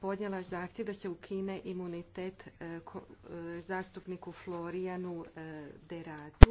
podnijela zahtjev da se ukine imunitet e, e, zastupniku Florijanu e, Dera